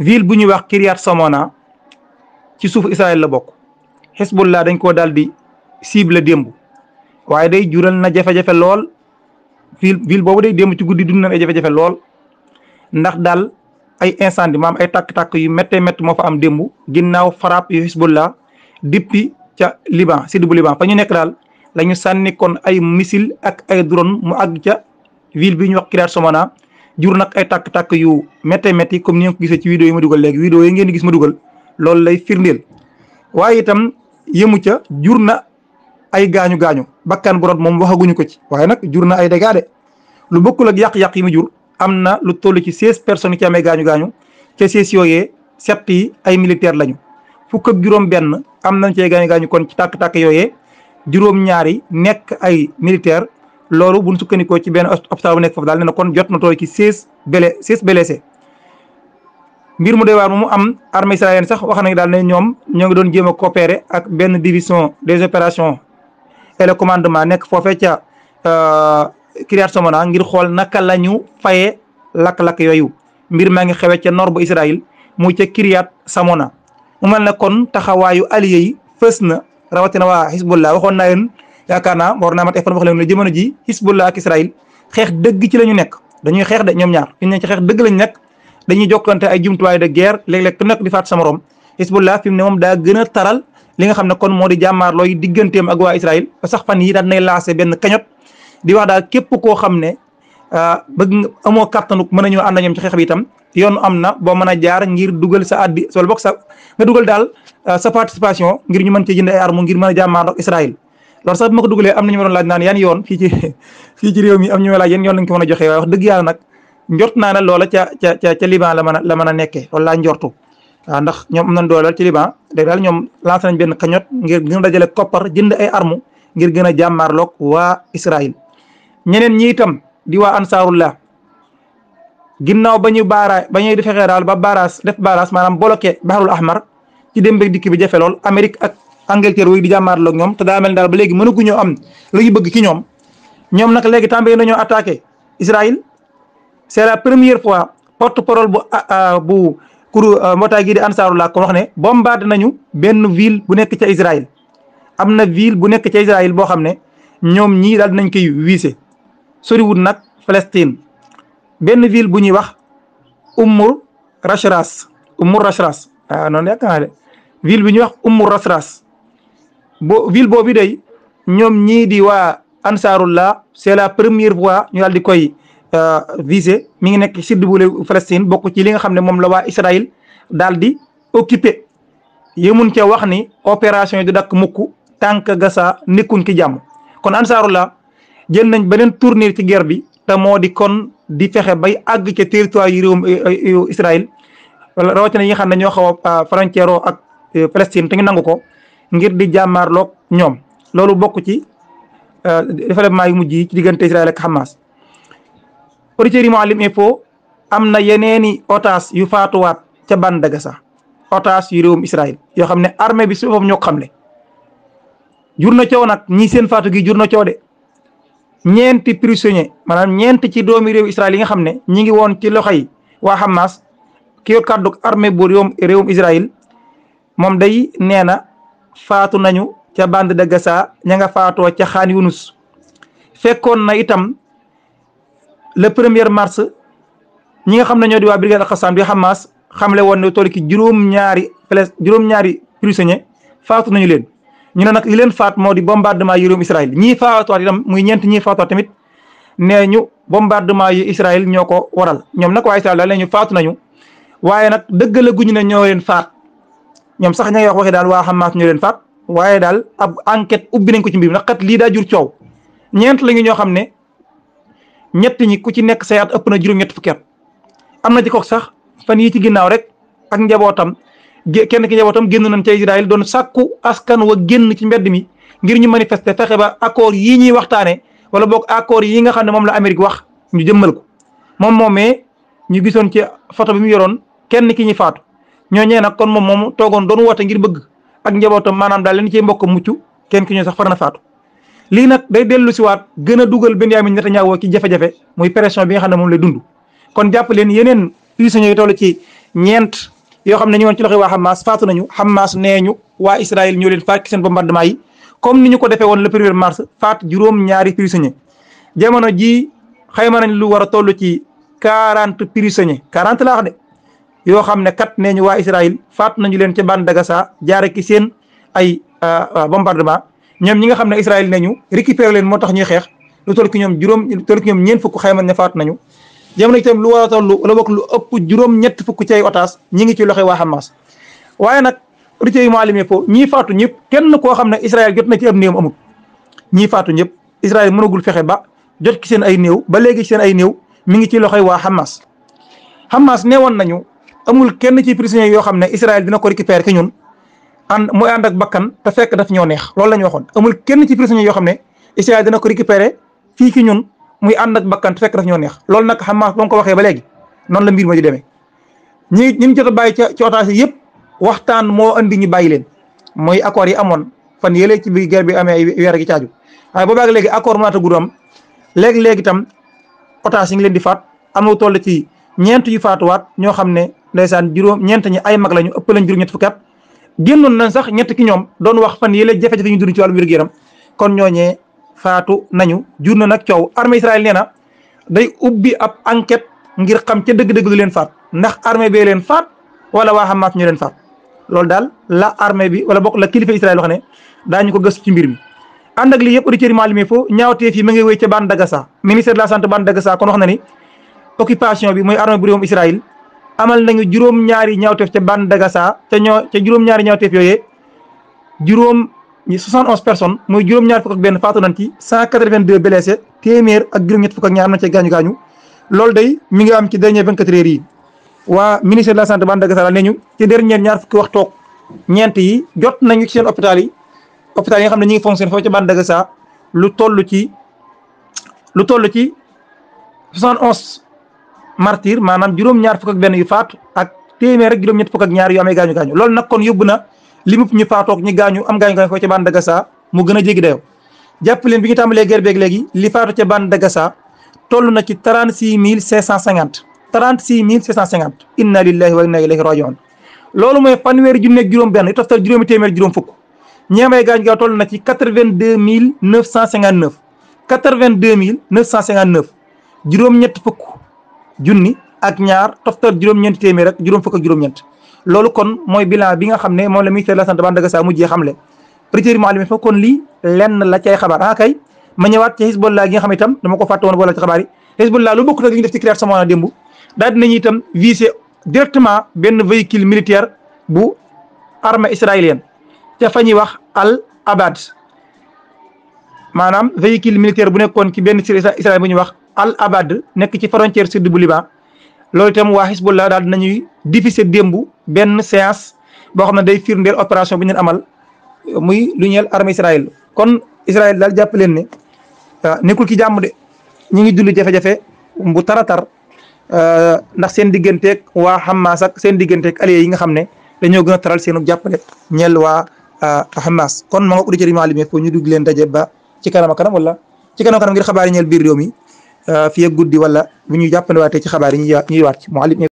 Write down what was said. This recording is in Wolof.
ville bu ñuy wax Kiryat Samona ci suuf Israël la bokk Hezbollah dañ koo daal di cible démb waaye day jural na jafe-jafe lool ville ville boobu day démb ci guddi dund na ay lool ndax daal ay incendie maam ay tàkk-tàkk yu méttee métt moo fa am démb ginnaaw frappe yu Hezbollah depuis ca Liban sud bu Liban fa ñu nekk daal la sànni kon ay missile ak ay drone mu àgg ca ville bi ñu wax Kiryat Samona jur nag ay tàkk-tàkk yu méttee métti comme ni nga ko gisee ci vidéo yi ma dugal léegi vidéo yi ngeen di gis ma dugal loolu lay firndeel waaye itam yëmu ca jur na ay gaañu gaañu bakkan bu moom waxaguñu ko ci waaye nag jur na ay dégâts de lu bokkul ak yàq-yàq yi mu jur am na lu toll ci seize personnes yi ci amee gaañu gaañu ca seize yooyee sept yi ay militaire lañu fukk ak juróom-benn am nañ cee gaañu gaañu kon ci tàkk-tàkk yooyee juróom-ñaar nekk ay militaire loolu buñ sukkandikoo ci benn hôpital bu nekk foofu daal ne na kon jot na tooy ci seize blessés seize blessés mbir mu doy waar mu am armée israélienne sax wax nañ daal ne ñoom ñoo ngi doon jéem a coopérer ak benn division des opérations et commandement nekk foofee ca euh, Kiryat Somona ngir xool naka la ñu fayee lakk-lakk yooyu mbir maa ngi xewee ca nord bu Israël muy ca kiriyaat Somona mu mel ne kon taxawaayu alliés yi fës na rawatina waa Hezbollah waxoon naa leen yaakaar naa war naa mat effort wax leen jamono ji Hizbullah ak Israël xeex dëgg ci la ñu nekk dañuy xeex de ñoom ñaar fi ñu ci xeex dëgg lañu nekk dañuy jokkante ay jumtuwaay de guerre léeg-léeg ku nekk di faat sa morom Hizbullah fi mu ne moom daa gën a taral li nga xam ne kon moo di jàmmaar looy digganteem ak waa Israël ba sax fan yi daan nay lancé benn cagnotte di wax daal képp koo xam ne ah, bëgg nga amoo kattanuk mën a ñoo ànd ñoom ci xeex bi itam yoon am na boo mën a jaar ngir dugal sa addi sol bokk sa nga dugal daal ah, sa participation ngir ñu mën cee jënd ay armes ngir mën a jàmmaar ak lor sa mako dugule am nañu ma laaj naan yan yoon fi ci fi ci rew mi am ñu ma laaj yan yoon lañ ko mëna joxe wax deug yàlla nak njort naana loola ca ca ca Liban la mëna la mëna nekké nekkee ndax ñom nañ doola ci Liban dal ñom lancé nañ ben ngir gëna dajale copper jënd ay armu ngir gëna jamar lok wa Israël ñeneen ñi itam di wa ansarullah ginnaw bañu baara baaraay ba ñuy ba baras def baras manam bloqué bahrul ahmar ci dembe dikk bi jafé lol amerique ak Angleterre wooyu di jàmmaarloo ak ñoom te daa mel daal ba léegi mënaguñoo am la ñu bëgg ci ñoom ñoom nag léegi tàmbali nañoo attaqué Israël c'est la première fois porte-parole bu ah, ah, bu kuru euh, mbootaay gii di Ansaarullah ko wax ne bombardé nañu benn ville bu nekk ca Israël am na ville bu nekk ca Israël boo xam ne ñoom ñii daal nañ koy wiise soriwul nag Palestine benn ville bu ñuy wax Ummu Rashras Ummu Rashras ah noonu yaakaar bi ñuy wax Ummu Rashras bo ville nyom day ñom ñi di wa ansarullah c'est la première fois ñu dal di koy euh, viser mi ngi nek sud bu Palestine bokku ci li nga xam mom la wa Israël dal di occuper yëmun ci wax ni opération du dak mukk tank gassa ki jam kon ansarullah jël nañ benen tourner ci guerre bi ta modi kon di fexé bay ag ci territoire yu Israël rawatina yi nga xam ño xaw euh, frontière ak euh, Palestine te ngi nanguko ngir di lok ñom lolu bokku ci développement euh, yu mujjii ci digënté Israël ak Hamas auditeur yi Mouhalim Info amna yeneeni otas yu wat ca Bande Gaza otages yu rewum Israël yo xamné armée bi su ñok ñoo jurna ciow nak ñi seen faatu gi jurna ciow de prisonnier manam ñeenti ci doomi rew Israël yi nga xamné ñi ngi won ci loxay wa Hamas ki yo kaddu armée bu rewum Israël mom day faatu nañu ca bande de Gaza ña nga faatoo ca Khan Yunus fekkoon na itam le première mars ñi nga xam ne ñoo di waa a al-Qassam bi Hamas xamle woon ne toll juróom-ñaari pres juróom-ñaari prisonniers faatu nañu leen ñu ne nag li leen faat moo di bombardement yi réewum Israël ñii faatuwaat itam muy ñeent ñii faatuwaat tamit nee ñu bombardement yi Israël ñoo ko waral ñoom nag waa Israël daal nee ñu nañu faat. ñoom sax ña ngi wax waxi daal waa Hamas ñu leen faat waaye daal ab enquête ubbi ko ci mbir mi ndax kat lii daa jur coow ñeent lañu ñoo xam ne ñett ñi ku ci nekk say at ëpp na juróom-ñett fukki am na ci kook sax fan yii ci ginnaaw rek ak njabootam kenn ki njabootam génn nañ ca Israël doon sàkku askan wa génn ci mbedd mi ngir ñu manifester fexe ba accord yii ñuy waxtaanee wala boog accord yi nga xam ne moom la Amérique wax ñu jëmmal ko moom moomee ñu gisoon ci photo bi mu yoroon kenn ki ñu faatu ñoñe nak kon mom mom togon doon woote ngir bëgg ak njabootam manam dal leen ci mbokk muccu kenn ki ñu sax farna faatu li nak day delu ci waat gëna duggal a dugal ñata Netanyahu ci jafé jafé muy pression bi nga xamne mom lay dund kon japp leen yeneen usine yu tollu ci ñent yo xamne ñu won ci loxe wa Hamas faatu nañu Hamas neñu wa Israël ñu leen faak ci seen bombardement yi comme ni ñu ko defé won le 1er mars faat juroom ñaari prisonniers jamono ji xayma nañ lu wara tollu ci 40 prisonniers 40 la wax yoo xam ne kat nee ñu waa Israël faat nañu leen ca bande de Gaza jaare ki seen ay euh, euh, bombardement ñoom ñi nga xam ne Israël ne ñu récupéré leen moo tax ñuy xeex lu toll ki ñoom juróom lu toll ki ñoom ñeent fukk xayma ne faat nañu jamono itam lu war a la bokk lu ëpp juróom ñett fukk cay otaas ñi ngi ci loxo waa Hamas waaye nag auditeurs yu maalim yëpp ñii faatu ñëpp kenn koo xam ne Israël jot na ci am néewam amul ñii faatu ñëpp Israël mënagul fexe ba jot ki seen ay néew ba léegi seen ay néew mi ngi ci loxoy waa Hamas Hamas neewoon nañu amul kenn ci prisonniers yoo xam ne Israël dina ko récupérer ki ñun ànd muy ànd ak bakkan te fekk daf ñoo neex loolu la ñu waxoon amul kenn ci prisonniers yoo xam ne Israël dina ko récupérer fii ki ñun muy ànd ak bakkan te fekk daf ñoo neex loolu nag xam ba nga ko waxee ba léegi noonu la mbir ma di demee ñi ñi jot a bàyyi ca ci otage yëpp waxtaan moo andi ñu bàyyi leen mooy accord yi amoon fan yëlee ci bi guerre bi amee ay weer gi caaju waaye boobaag léegi accord mënaata gudd am léegi-léegi itam otage yi ngi leen di faat am na toll ci ñeent yu faatuwaat ñoo xam ne ndeysaan juróom ñeent ñi ay mag lañu ëpp lañ juróom ñett fukki at ñett ki ñoom doon wax fan yële jafe-jafe ñu dund ci wàllu wér-gu-yaram kon ñooñee faatu nañu jur na nag coow armée Israël nee na day ubbi ab enquête ngir xam ca dëgg-dëgg lu leen faat ndax armée bee leen faat wala waa Hamas ñu leen faat loolu daal la armée bi wala bokk la kilifa Israël wax ne daañu ko gëstu ci mbir mi. ànd ak lii yëpp auditeurs yi maa limee foofu ñaawteef yi ma ngi wéy ca bande de Gaza ministère de la santé bande de Gaza kon wax na ni occupation bi mooy armée bu réewum Israël amal nañu juróom ñaari ñawtef ñaawteef ca Bandagasa ca ñoo ca juróom ñaari ñawtef yoyé juróom ni 71 personnes moy juróom ñaar fuk ak ben faatu nañ ci 182 blessé témèr ak juróom ñet fuk ak ñaar na ci gañu gañu loolu day mi ngi am ci dernier 24 heures yi wa ministère de la santé Bandagasa la ñu ci dernier ñaar fuk wax tok ñent yi jot nañu ci sen hôpital yi hôpital yi nga ñi ngi fonctionner fo ci foofu ca Bandagasa lu tollu ci lu tollu ci 71 martyr maanaam juróom-ñaar fukk ak benn yu faatu ak téeméer rek juróom-ñett fukk ak ñaar yu amee gaañu gaañu loolu nag yóbbu na limu ñu faatoog ñi gaañu am gaañu gaañu ko ca bande de Gaza mu gën a jéggi dayoo jàpp leen bi ñu tàmbalee guerre beeg li faatu ca bande de na ci trente six mille cinq cent cinquante trente six mille cinq cent cinquante inna lillahi loolu mooy fanweeri junni juróom benn yu toftal juróomi téeméer juróom fukk ñi amee gaañu gaañu toll na ci quatre mille neuf cent cinquante neuf quatre vingt deux mille neuf cent cinquante juróom-ñett fukk junni ak ñaar toftal juróom-ñeent téeméer ak juróom fukk ak juróom-ñeent loolu kon mooy bilan bi nga xam ne moom la ministère de la santé Bandaga Saa mujjee xamle préteur maalim fa kon lii lenn la cay xabaar ah, nga xam itam dama ko fàtte woon boole ci xabaar yi Hizbullah lu bokkut ak li ñu def ci CREAT Samona démb daal dinañu itam visé directement te fa ñuy wax al abad maanaam véhicule militaire bu nekkoon ci benn sir Israël bu ñuy wax al abad nekk ci frontière sud bu Liban loolu itam waa Hizbullah daal dinañuy diffuser démb benn séance boo xam ne day firndeel opération bi ñu amal muy lu ñeel kon Israël daal jàpp leen ne euh, nekkul ci jàmm de ñu ngi dund jafe-jafe bu taratar euh, ndax seen digganteeg waa Hamas ak seen digganteeg alliés yi nga xam ne dañoo gën a taral seenu jàppale ñeel waa euh, Hamas kon ma nga ko di jëriñoo alimé ñu dugg leen daje ba ci kanam a kanam wala ci kanam kanam ngir xabaar yi ñeel biir réew mi. fi ak guddi wala bu ñu jàppandiwaatee ci xabaar yi ñuy ñuy waat ci Mouhalim